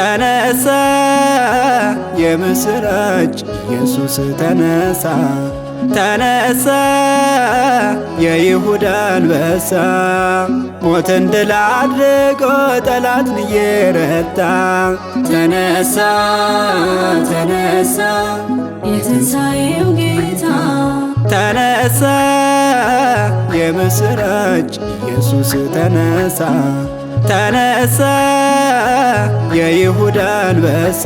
ተነሳ፣ የምስራች ኢየሱስ ተነሳ፣ ተነሳ የይሁዳ አንበሳ ሞትን ድል አድርጎ ጠላትን እየረታ ተነሳ፣ ተነሳ የትንሣኤው ጌታ ተነሳ፣ የምስራች ኢየሱስ ተነሳ፣ ተነሳ የይሁዳ አንበሳ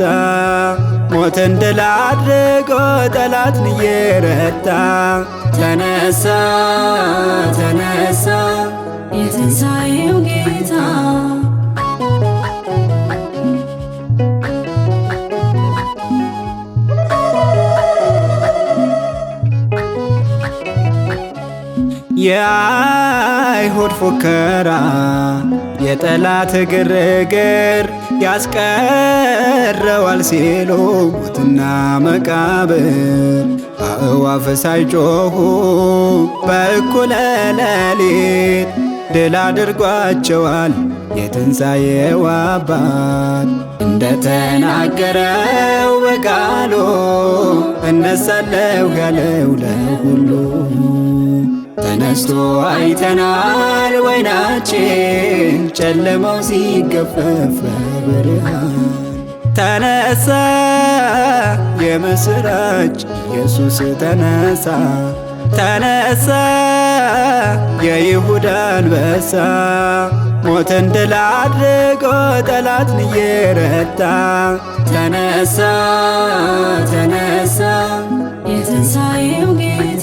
ሞትን ድል አድርጎ ጠላትን እየረታ ተነሳ ተነሳ የትንሣኤው ጌታ የአይሁድ ፉከራ የጠላት ግርግር ያስቀረዋል ሲሉ ሞትና መቃብር አእዋፍ ሳይጮኹ በእኩለ ሌሊት ድል አድርጓቸዋል የትንሣኤው አባት እንደተናገረው በቃሉ እነሳለሁ ያለው ለሁሉ ተነስቶ አይተናል ወይናችን ጨለማው ሲገፈፈ ብርሃን ተነሳ የምስራች ኢየሱስ ተነሳ ተነሳ የይሁዳ አንበሳ ሞትን ድል አድርጎ ጠላትን እየረታ ተነሳ ተነሳ የትንሣኤው ጌታ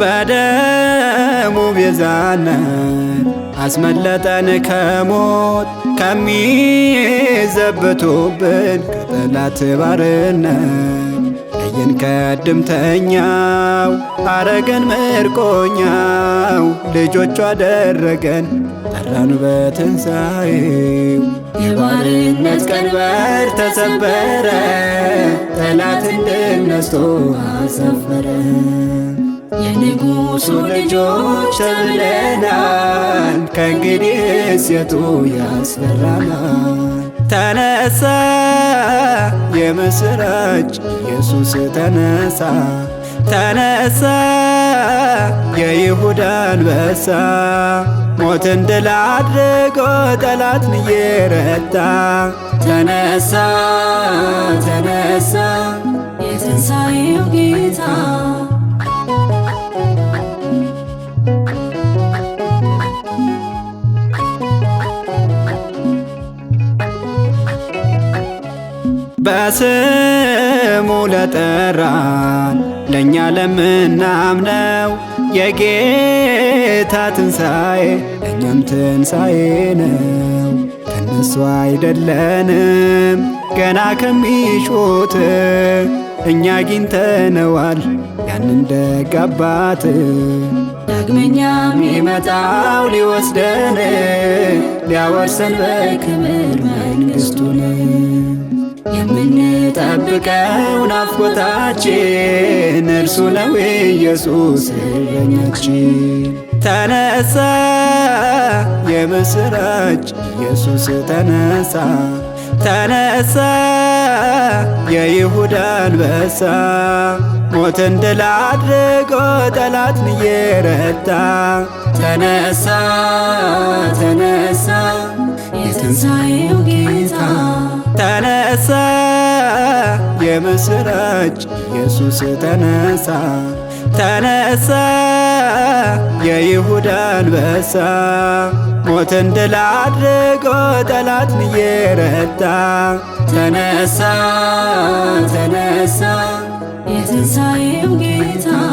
በደሙ ቤዛነት አስመለጠን ከሞት ከሚዘብቱብን ከጠላት ባርነት ለየን ከድምተኛው አረገን መርቆኛው ልጆቹ አደረገን ጠራን በትንሣኤው የባርነት ቀንበር ተሰበረ ጠላት እንድነስቶ አሰፈረ የንጉሱ ልጆች ተብለናል። ከእንግዲህ እሴቱ ያስፈራናል። ተነሳ የምስራች ኢየሱስ ተነሳ ተነሳ የይሁዳ አንበሳ ሞትን ድል አድርጎ ጠላትን እየረታ ተነሳ ተነሳ የትንሣኤው ጌታ በስሙ ለጠራን ለእኛ ለምናምነው የጌታ ትንሣኤ ለእኛም ትንሣኤ ነው። ከነሱ አይደለንም ገና ከሚሾት እኛ አግኝተነዋል ያንን ደግ አባት። ዳግመኛም ይመጣው ሊወስደን ሊያወርሰን በክብር መንግሥቱን የምንጠብቀው ናፍቆታችን እርሱ ነው ኢየሱስ እረኛችን። ተነሳ የምስራች ኢየሱስ ተነሳ ተነሳ የይሁዳ አንበሳ ሞትን ድል አድርጎ ጠላትን እየረታ ተነሳ ተነሳ የትንሣኤው ጌታ ተነሳ፣ የምስራች ኢየሱስ ተነሳ፣ ተነሳ የይሁዳ አንበሳ ሞትን ድል አድርጎ ጠላትን እየረታ ተነሳ፣ ተነሳ የትንሣኤው ጌታ